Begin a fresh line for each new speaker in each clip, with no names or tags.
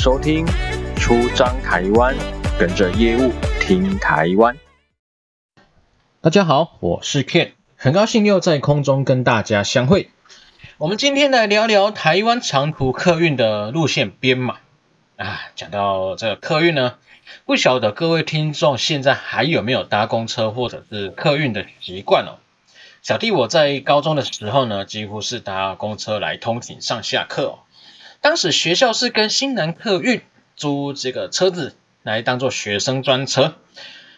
收聽出張台灣，跟着業務聽台灣。大家好，我是 Ken，很高興又在空中跟大家相會。我們今天來聊聊台灣長途客運的路線編碼啊。講到這個客運呢，不曉得各位聽眾現在還有沒有搭公車或者是客運的習慣哦？小弟我在高中的時候呢，幾乎是搭公車來通勤上下課哦。當時學校是跟新南客運租這個車子來當做學生專車，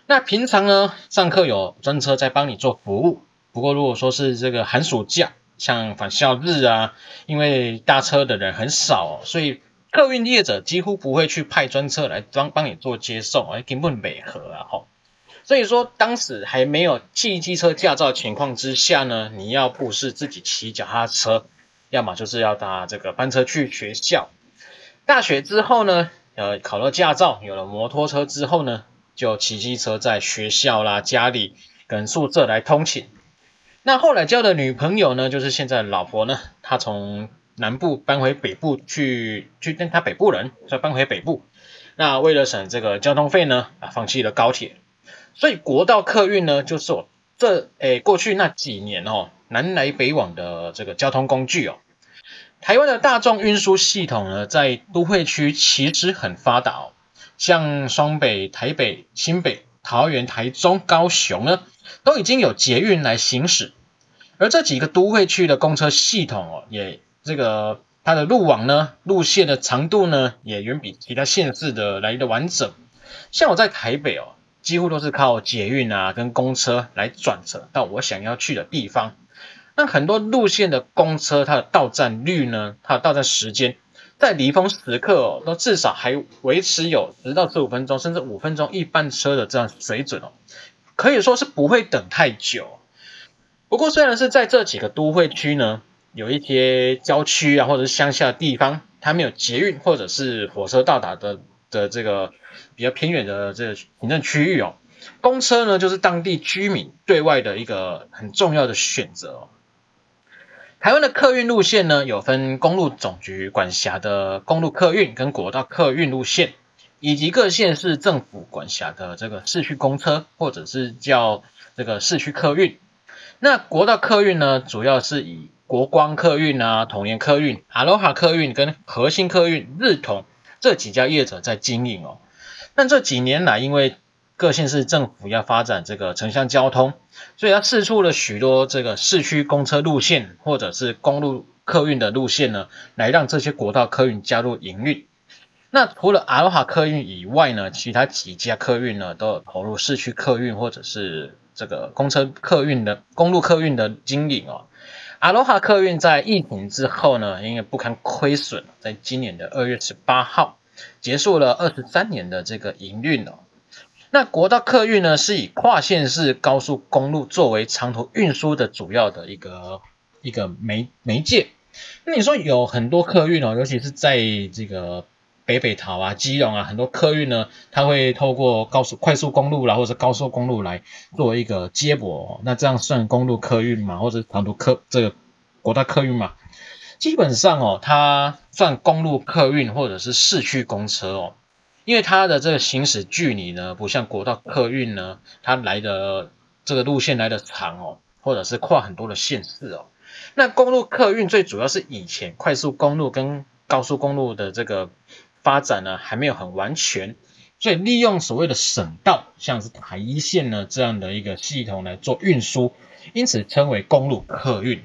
那平常呢，上課有專車在幫你做服務。不過如果說是這個寒暑假，像返校日啊，因為搭車的人很少，哦，所以客運業者幾乎不會去派專車來幫幫你做接送，哎，根本沒合啊吼，哦。所以說當時還沒有騎機車駕照情況之下呢，你要不是自己騎腳踏車。要麼就是要搭這個班車去學校。大學之後呢，呃，考了駕照，有了摩托車之後呢，就騎機車在學校啦、家裡跟宿舍來通勤。那後來交的女朋友呢，就是現在老婆呢，她從南部搬回北部去，去跟她北部人，再搬回北部。那為了省這個交通費呢，啊，放棄了高鐵。所以國道客運呢，就是我這，誒，過去那幾年哦，南來北往的這個交通工具哦。台灣的大眾運輸系統呢，在都會區其實很發達哦，像雙北、台北、新北、桃園、台中、高雄呢，都已經有捷運來行駛，而這幾個都會區的公車系統哦，也這個它的路網呢、路線的長度呢，也遠比其他縣市的來的完整。像我在台北哦，幾乎都是靠捷運啊跟公車來轉車到我想要去的地方。那很多路線的公車，它的到站率呢？它的到站時間，在離峰時刻哦，都至少還維持有十到十五分鐘，甚至五分鐘一班車的這樣水準哦，可以說是不會等太久。不過雖然是在這幾個都會區呢，有一些郊區啊，或者是鄉下的地方，它沒有捷運或者是火車到達的的這個比較偏遠的這個行政區域哦，公車呢，就是當地居民對外的一個很重要的選擇哦。台灣的客運路線呢，有分公路總局管轄的公路客運跟國道客運路線，以及各縣市政府管轄的這個市區公車或者是叫這個市區客運。那國道客運呢，主要是以國光客運啊、統聯客運、阿羅哈客運跟核心客運、日統這幾家業者在經營哦。但這幾年來，因為各縣市政府要發展這個城鄉交通，所以它釋出了許多這個市區公車路線或者是公路客運的路線呢，來讓這些國道客運加入營運。那除了阿羅哈客運以外呢，其他幾家客運呢都有投入市區客運或者是這個公車客運的公路客運的經營哦。阿羅哈客運在疫情之後呢，因為不堪虧損，在今年的二月十八號結束了二十三年的這個營運哦。那國道客運呢，是以跨縣市高速公路作為長途運輸的主要的一個一個媒媒介。那你說有很多客運哦，尤其是在這個北北桃啊、基隆啊，很多客運呢，它會透過高速、快速公路啦，或者是高速公路來做一個接駁哦。那這樣算公路客運嘛，或者長途客這個國道客運嘛？基本上哦，它算公路客運或者是市區公車哦。因為它的這個行駛距離呢，不像國道客運呢，它來的這個路線來的長哦，或者是跨很多的縣市哦。那公路客運最主要是以前快速公路跟高速公路的這個發展呢，還沒有很完全，所以利用所謂的省道，像是台一線呢，這樣的一個系統來做運輸，因此稱為公路客運。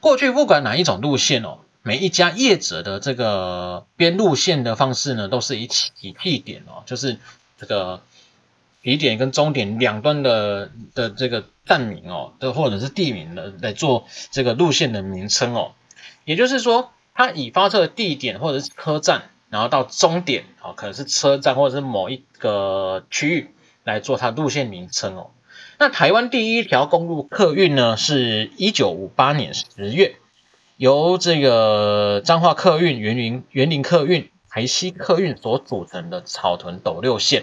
過去不管哪一種路線哦。每一家業者的這個編路線的方式呢，都是以起以地點哦，就是這個起點跟終點兩端的的這個站名哦，都或者是地名的來做這個路線的名稱哦。也就是說，它以發車的地點或者是車站，然後到終點哦，可能是車站或者是某一個區域來做它路線名稱哦。那台灣第一條公路客運呢，是一九五八年十月。由這個彰化客運、員林、員林客運、台西客運所組成的草屯斗六線，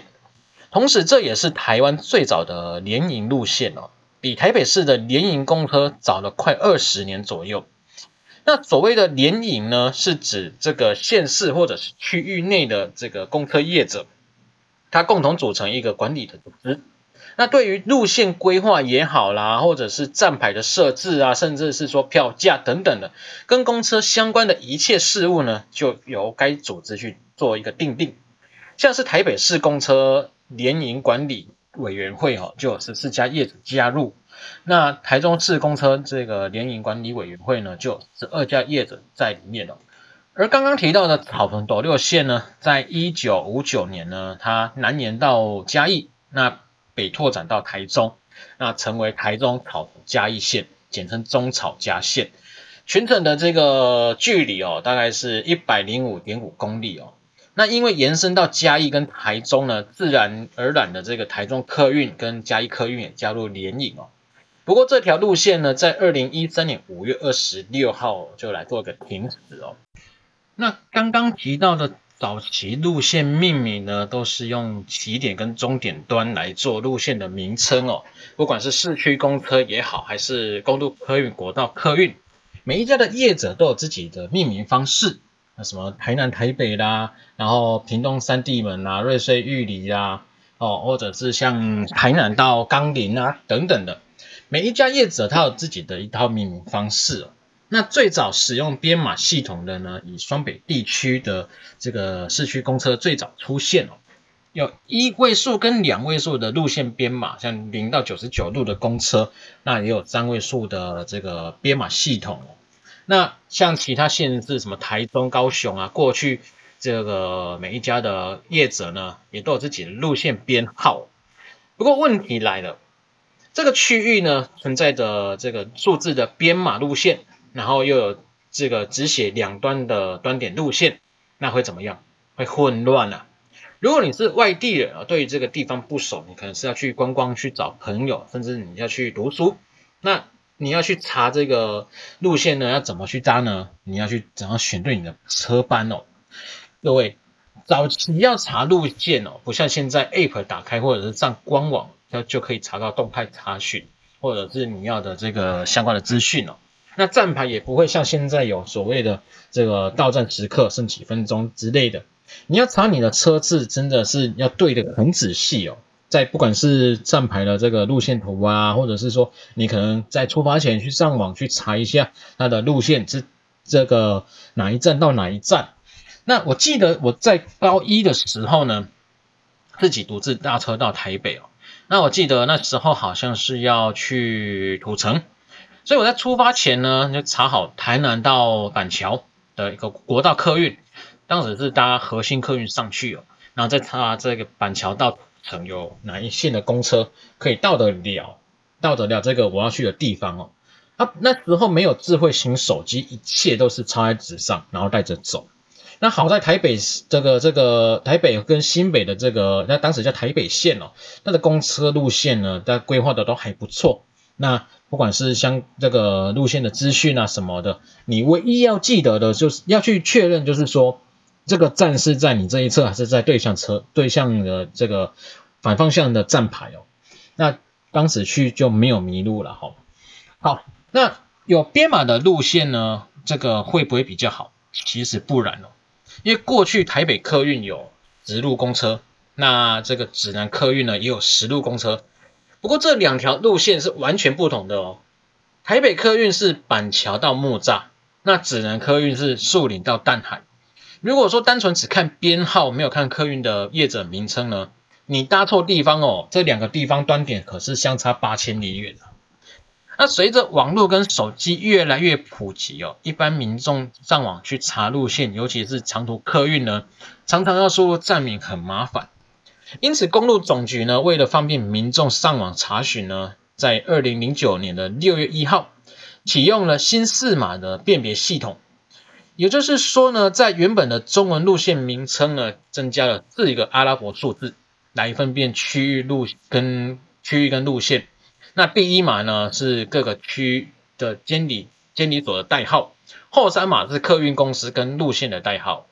同時這也是台灣最早的聯營路線哦，比台北市的聯營公車早了快二十年左右。那所謂的聯營呢，是指這個縣市或者是區域內的這個公車業者，它共同組成一個管理的組織。那對於路線規劃也好啦，或者是站牌的設置啊，甚至是說票價等等的，跟公車相關的一切事務呢，就由該組織去做一個訂定。像是台北市公車聯營管理委員會哈、哦，就有十四家業者加入；那台中市公車這個聯營管理委員會呢，就有十二家業者在裡面了。而剛剛提到的朋友斗六線呢，在一九五九年呢，它南延到嘉義那。北拓展到台中，那成為台中草嘉義線，簡稱中草嘉線，全程的這個距離哦，大概是一百零五點五公里哦。那因為延伸到嘉義跟台中呢，自然而然的這個台中客運跟嘉義客運也加入聯營哦。不過這條路線呢，在二零一三年五月二十六號就來做一個停止哦。那剛剛提到的。早期路線命名呢，都是用起點跟終點端來做路線的名稱哦。不管是市區公車也好，還是公路客運、國道客運，每一家的業者都有自己的命名方式。那什麼台南、台北啦，然後屏東三地門啦、啊，瑞穗玉里啦、啊，哦，或者是像台南到岡林啊等等的，每一家業者他有自己的一套命名方式哦。那最早使用編碼系統的呢，以雙北地區的這個市區公車最早出現哦，有一位數跟兩位數的路線編碼，像零到九十九路的公車，那也有三位數的這個編碼系統哦。那像其他縣市，什麼台中、高雄啊，過去這個每一家的業者呢，也都有自己的路線編號。不過問題來了，這個區域呢，存在着這個數字的編碼路線。然後又有這個只寫兩端的端點路線，那會怎麼樣？會混亂啊！如果你是外地人啊，對於這個地方不熟，你可能是要去觀光、去找朋友，甚至你要去讀書，那你要去查這個路線呢，要怎麼去搭呢？你要去怎樣選對你的車班哦？各位，早期要查路線哦，不像現在 app 打開或者是上官網，就就可以查到動態查詢或者是你要的這個相關的資訊哦。那站牌也不會像現在有所謂的這個到站時刻剩幾分鐘之類的，你要查你的車次真的是要對得很仔細哦，在不管是站牌的這個路線圖啊，或者是說你可能在出發前去上網去查一下它的路線是這個哪一站到哪一站。那我記得我在高一的時候呢，自己獨自搭車到台北哦。那我記得那時候好像是要去土城。所以我在出發前呢，就查好台南到板橋的一個國道客運，當時是搭和欣客運上去哦，然後再查這個板橋到底有哪一線的公車可以到得了，到得了這個我要去的地方哦。啊，那時候沒有智慧型手機，一切都是抄在紙上，然後帶着走。那好在台北這個這個台北跟新北的這個，那當時叫台北縣哦，它的公車路線呢，它規劃的都還不錯。那不管是像這個路線的資訊啊什麼的，你唯一要記得的就是要去確認，就是說，這個站是在你這一側還是在對向車、對向的這個反方向的站牌哦。那當時去就沒有迷路了哈。好，那有編碼的路線呢，這個會不會比較好？其實不然哦，因為過去台北客運有直路公車，那這個指南客運呢也有十路公車。不過這兩條路線是完全不同的哦。台北客運是板橋到木柵，那指南客運是樹林到淡海。如果說單純只看編號，沒有看客運的業者名稱呢，你搭錯地方哦。這兩個地方端點可是相差八千里遠啊。那隨着網絡跟手機越來越普及哦，一般民眾上網去查路線，尤其是長途客運呢，常常要輸入站名很麻煩。因此，公路總局呢，為了方便民眾上網查詢呢，在二零零九年的六月一號，啟用了新四碼的辨別系統。也就是說呢，在原本的中文路線名稱呢，增加了四個阿拉伯數字，來分辨區域路跟區域跟路線。那第一碼呢，是各個區域的監理監理所的代號；後三碼是客運公司跟路線的代號。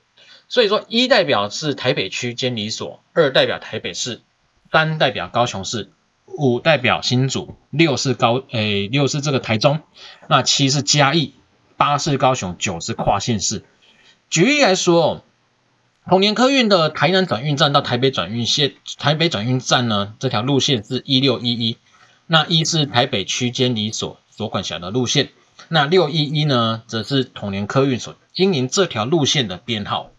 所以說，一代表是台北區監理所，二代表台北市，三代表高雄市，五代表新竹，六是高，誒六是這個台中，那七是嘉義，八是高雄，九是跨縣市。舉例來說，統聯客運的台南轉運站到台北轉運線，台北轉運站呢這條路線是一六一一，那一是台北區監理所所管轄的路線，那六一一呢則是統聯客運所經營這條路線的編號。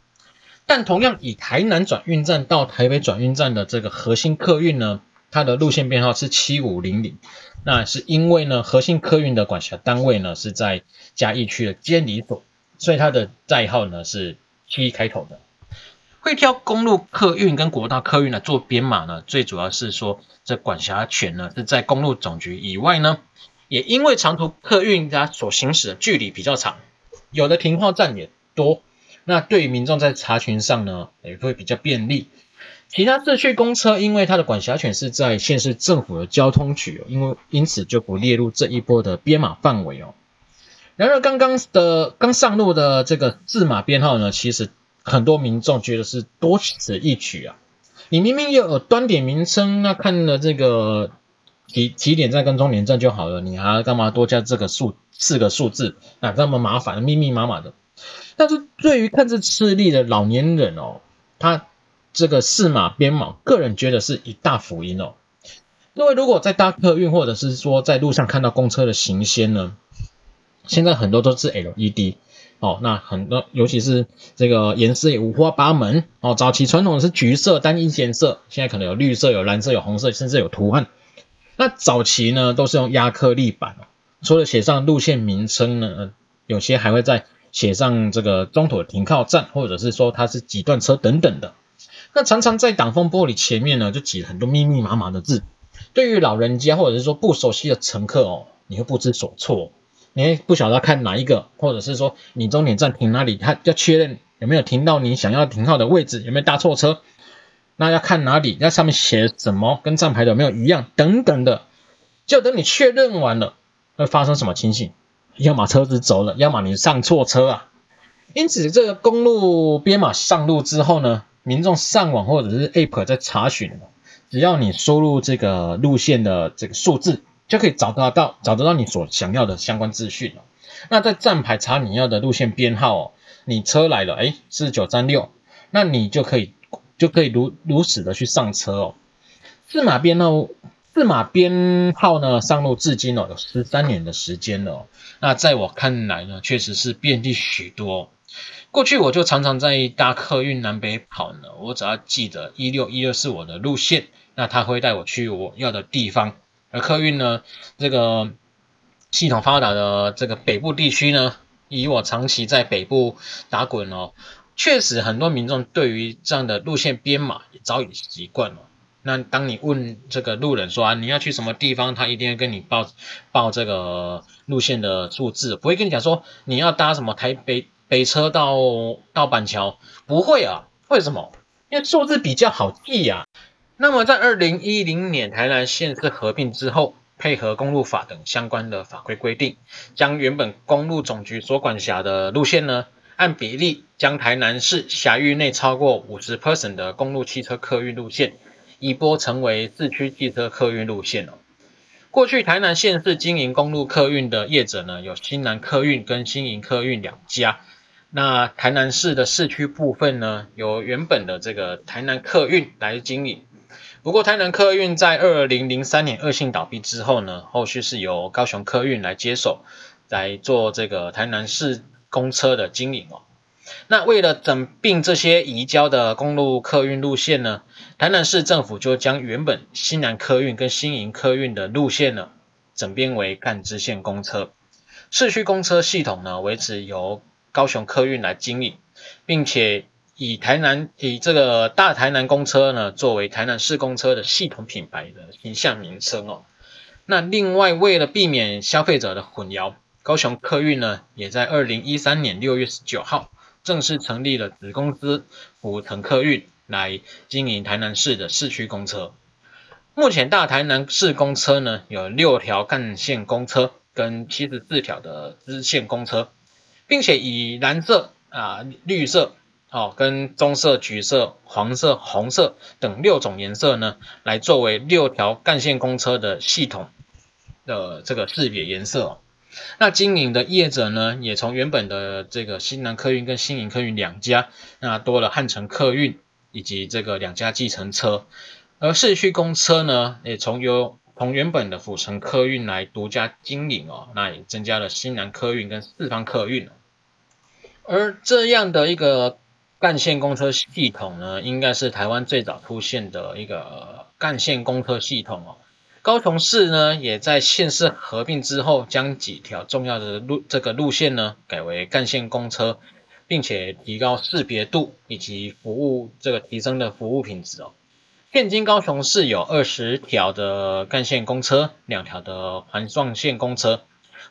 但同樣以台南轉運站到台北轉運站的這個核心客運呢，它的路線編號是7500，那是因為呢核心客運的管轄單位呢是在嘉義區的監理所，所以它的代號呢是七開頭的。會挑公路客運跟國道客運來做編碼呢，最主要是說這管轄權呢是在公路總局以外呢，也因為長途客運它所行駛的距離比較長，有的停靠站也多。那對於民眾在查詢上呢，也會比較便利。其他市區公車因為它的管轄權是在縣市政府的交通局哦，因為因此就不列入這一波的編碼範圍哦。然而剛剛的剛上路的這個字碼編號呢，其實很多民眾覺得是多此一舉啊。你明明又有端點名稱，那看了這個起起點站跟終點站就好了，你還要幹嘛多加這個數四個數字？那、啊、這麼麻煩，密密麻麻的。但是對於看字吃力的老年人哦，他這個四碼編碼，個人覺得是一大福音哦。因為如果在搭客運或者是說在路上看到公車的行先呢，現在很多都是 LED 哦，那很多尤其是這個顏色也五花八門哦。早期傳統的是橘色單一顏色，現在可能有綠色、有藍色、有紅色，甚至有圖案。那早期呢都是用壓克力板哦，除了寫上路線名稱呢，有些還會在，寫上這個中途停靠站，或者是說它是幾段車等等的，那常常在擋風玻璃前面呢就擠了很多密密麻麻的字，對於老人家或者是說不熟悉的乘客哦，你會不知所措，你不曉得看哪一個，或者是說你終點站停哪裡，他要確認有沒有停到你想要停靠的位置，有沒有搭錯車，那要看哪裡，那上面寫什麼跟站牌有沒有一樣等等的，就等你確認完了，會發生什麼情形？要麼車子走了，要麼你上錯車啊。因此，這個公路編碼上路之後呢，民眾上網或者是 App 在查詢，只要你輸入這個路線的這個數字，就可以找得到找得到你所想要的相關資訊了。那在站牌查你要的路線編號哦，你車來了，哎，4936，那你就可以就可以如如此的去上車哦，四碼編號哦。四碼編號呢，上路至今哦，有十三年的時間了哦。那在我看來呢，確實是便利許多。過去我就常常在搭客運南北跑呢，我只要記得一六一二是我的路線，那他會帶我去我要的地方。而客運呢，這個系統發達的這個北部地區呢，以我長期在北部打滾哦，確實很多民眾對於這樣的路線編碼也早已習慣了哦。那當你問這個路人說，啊，你要去什麼地方，他一定要跟你報報這個路線的數字，不會跟你講說你要搭什麼台北北車到到板橋，不會啊，為什麼？因為數字比較好記啊。那麼在二零一零年台南縣市合併之後，配合公路法等相關的法規規定，將原本公路總局所管轄的路線呢，按比例將台南市轄域內超過五十 percent 的公路汽車客運路線，一波成為市區汽車客運路線哦。過去台南縣市經營公路客運的業者呢，有新南客運跟新營客運兩家。那台南市的市區部分呢，由原本的這個台南客運來經營。不過台南客運在二零零三年惡性倒閉之後呢，後續是由高雄客運來接手來做這個台南市公車的經營哦。那為了整併這些移交的公路客運路線呢，台南市政府就將原本興南客運跟新營客運的路線呢整編為幹支線公車，市區公車系統呢維持由高雄客運來經營，並且以台南以這個大台南公車呢作為台南市公車的系統品牌的形象名稱哦。那另外為了避免消費者的混淆，高雄客運呢也在二零一三年六月十九號，正式成立了子公司府城客運來經營台南市的市區公車。目前大台南市公車呢有六條幹線公車跟七十四條的支線公車，並且以藍色啊、呃、綠色、哦跟棕色、橘色、黃色、紅色等六種顏色呢來作為六條幹線公車的系統的這個識別顏色、哦。那經營的業者呢，也從原本的這個新南客運跟新營客運兩家，那多了漢城客運以及這個兩家計程車，而市區公車呢，也從由從原本的府城客運來獨家經營哦，那也增加了新南客運跟四方客運，而這樣的一個幹線公車系統呢，應該是台灣最早出現的一個幹線公車系統哦。高雄市呢，也在縣市合併之後，將幾條重要的路這個路線呢，改為幹線公車，並且提高識別度以及服務這個提升的服務品質哦。現今高雄市有二十條的幹線公車，兩條的環狀線公車，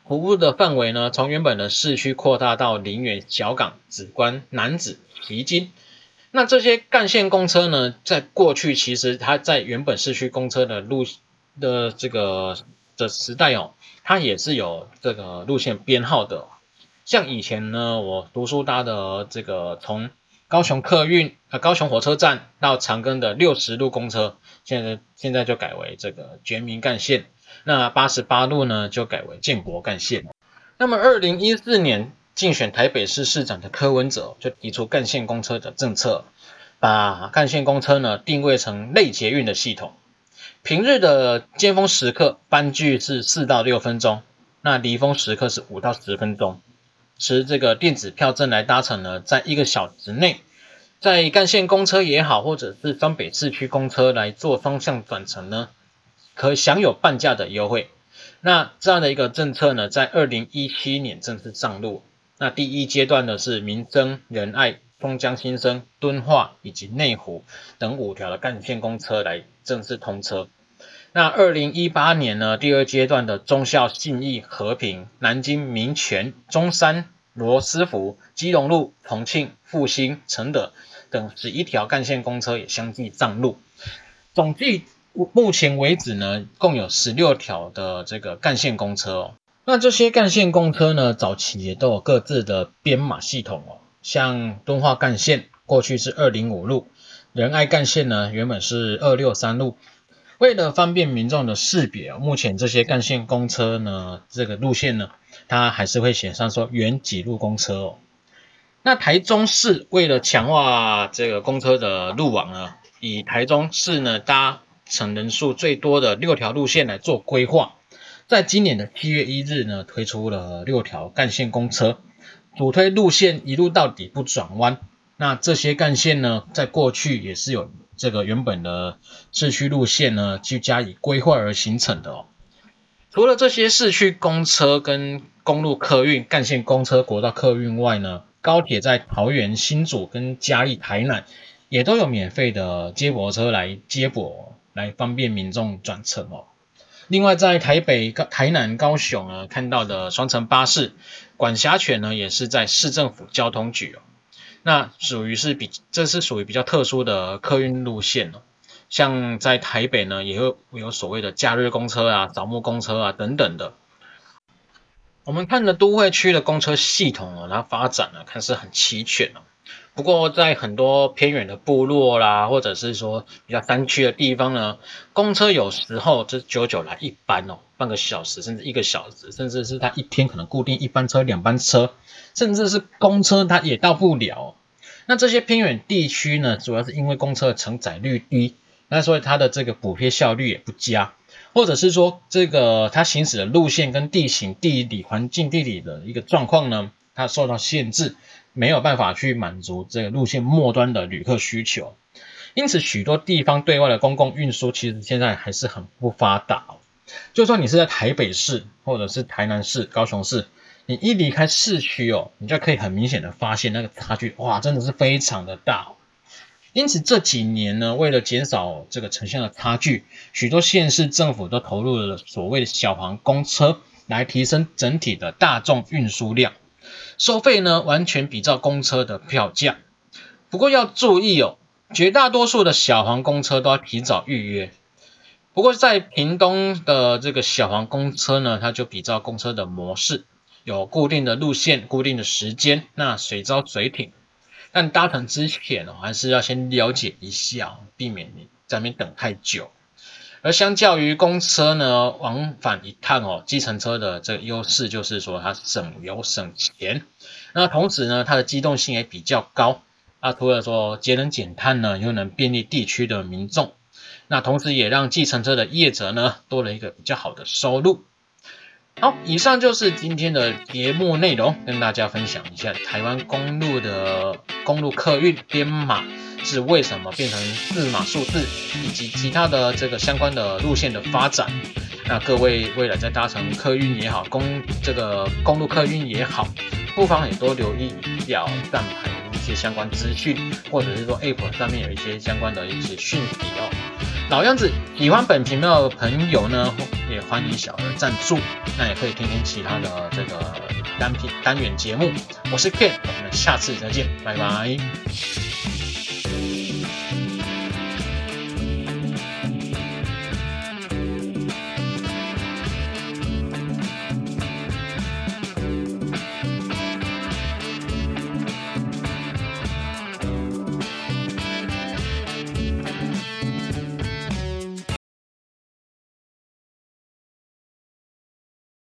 服務的範圍呢，從原本的市區擴大到林園、小港、梓官、楠梓、旗津。那這些幹線公車呢，在過去其實它在原本市區公車的路。的這個的時代哦，它也是有這個路線編號的。像以前呢，我讀書搭的這個從高雄客運啊、呃、高雄火車站到長庚的六十路公車，現在現在就改為這個覺民幹線。那八十八路呢，就改為建國幹線。那麼，二零一四年競選台北市市長的柯文哲就提出幹線公車的政策，把幹線公車呢定位成類捷運的系統。平日的尖峰時刻，班距是四到六分鐘，那離峰時刻是五到十分鐘。持這個電子票證來搭乘呢，在一個小時內，在幹線公車也好，或者是雙北市區公車來做雙向轉乘呢，可享有半價的優惠。那這樣的一個政策呢，在二零一七年正式上路。那第一階段呢，是民生仁愛、松江新生、敦化以及內湖等五條的幹線公車來正式通車。那二零一八年呢，第二階段的忠孝、信義、和平、南京、民權、中山、羅斯福、基隆路、重慶、復興、承德等十一條幹線公車也相繼上路。總計目前為止呢，共有十六條的這個幹線公車哦。那這些幹線公車呢，早期也都有各自的編碼系統哦。像敦化幹線過去是二零五路，仁愛幹線呢原本是二六三路。為了方便民眾的識別，目前這些幹線公車呢，這個路線呢，它還是會寫上說原幾路公車哦。那台中市為了強化這個公車的路網呢，以台中市呢搭乘人數最多的六條路線來做規劃，在今年的七月一日呢，推出了六條幹線公車，主推路線一路到底不轉彎。那這些幹線呢，在過去也是有這個原本的市區路線呢，就加以規劃而形成的哦。除了這些市區公車跟公路客運幹線公車、國道客運外呢，高鐵在桃園、新竹跟嘉義、台南也都有免費的接駁車來接駁哦，來方便民眾轉乘哦。另外，在台北、台南、高雄呢，看到的雙層巴士管轄權呢，也是在市政府交通局哦。那屬於是比，這是屬於比較特殊的客運路線哦。像在台北呢，也會有所謂的假日公車啊、掃墓公車啊等等的。我們看的都會區的公車系統哦，它發展呢看似很齊全哦。不過在很多偏遠的部落啦，或者是說比較山區的地方呢，公車有時候就久久來一班哦，半個小時甚至一個小時，甚至是它一天可能固定一班車、兩班車，甚至是公車它也到不了哦。那這些偏遠地區呢，主要是因為公車的承載率低，那所以它的這個補貼效率也不佳，或者是說這個它行駛的路線跟地形、地理環境、地理的一個狀況呢，它受到限制，沒有辦法去滿足這個路線末端的旅客需求，因此許多地方對外的公共運輸其實現在還是很不發達。就算你是在台北市，或者是台南市、高雄市。你一離開市區哦，你就可以很明顯的發現那個差距，哇，真的是非常的大哦。因此這幾年呢，為了減少這個城鄉的差距，許多縣市政府都投入了所謂的小黃公車，來提升整體的大眾運輸量。收費呢，完全比照公車的票價。不過要注意哦，絕大多數的小黃公車都要提早預約。不過在屏東的這個小黃公車呢，它就比照公車的模式。有固定的路線、固定的時間，那隨招隨停。但搭乘之前哦，還是要先了解一下，避免你在那邊等太久。而相較於公車呢，往返一趟哦，計程車的這個優勢就是說它省油省錢。那同時呢，它的機動性也比較高。啊，除了說節能減碳呢，又能便利地區的民眾，那同時也讓計程車的業者呢，多了一個比較好的收入。好，以上就是今天的節目內容，跟大家分享一下台灣公路的公路客運編碼是為什麼變成四碼數字，以及其他的這個相關的路線的發展。那各位未來在搭乘客運也好，公這個公路客運也好，不妨也多留意一下站牌的一些相關資訊，或者是說 App 上面有一些相關的資訊比哦老樣子，喜歡本頻道的朋友呢，也歡迎小額贊助。那也可以聽聽其他的這個單品單元節目。我是 Ken，我們下次再見，拜拜。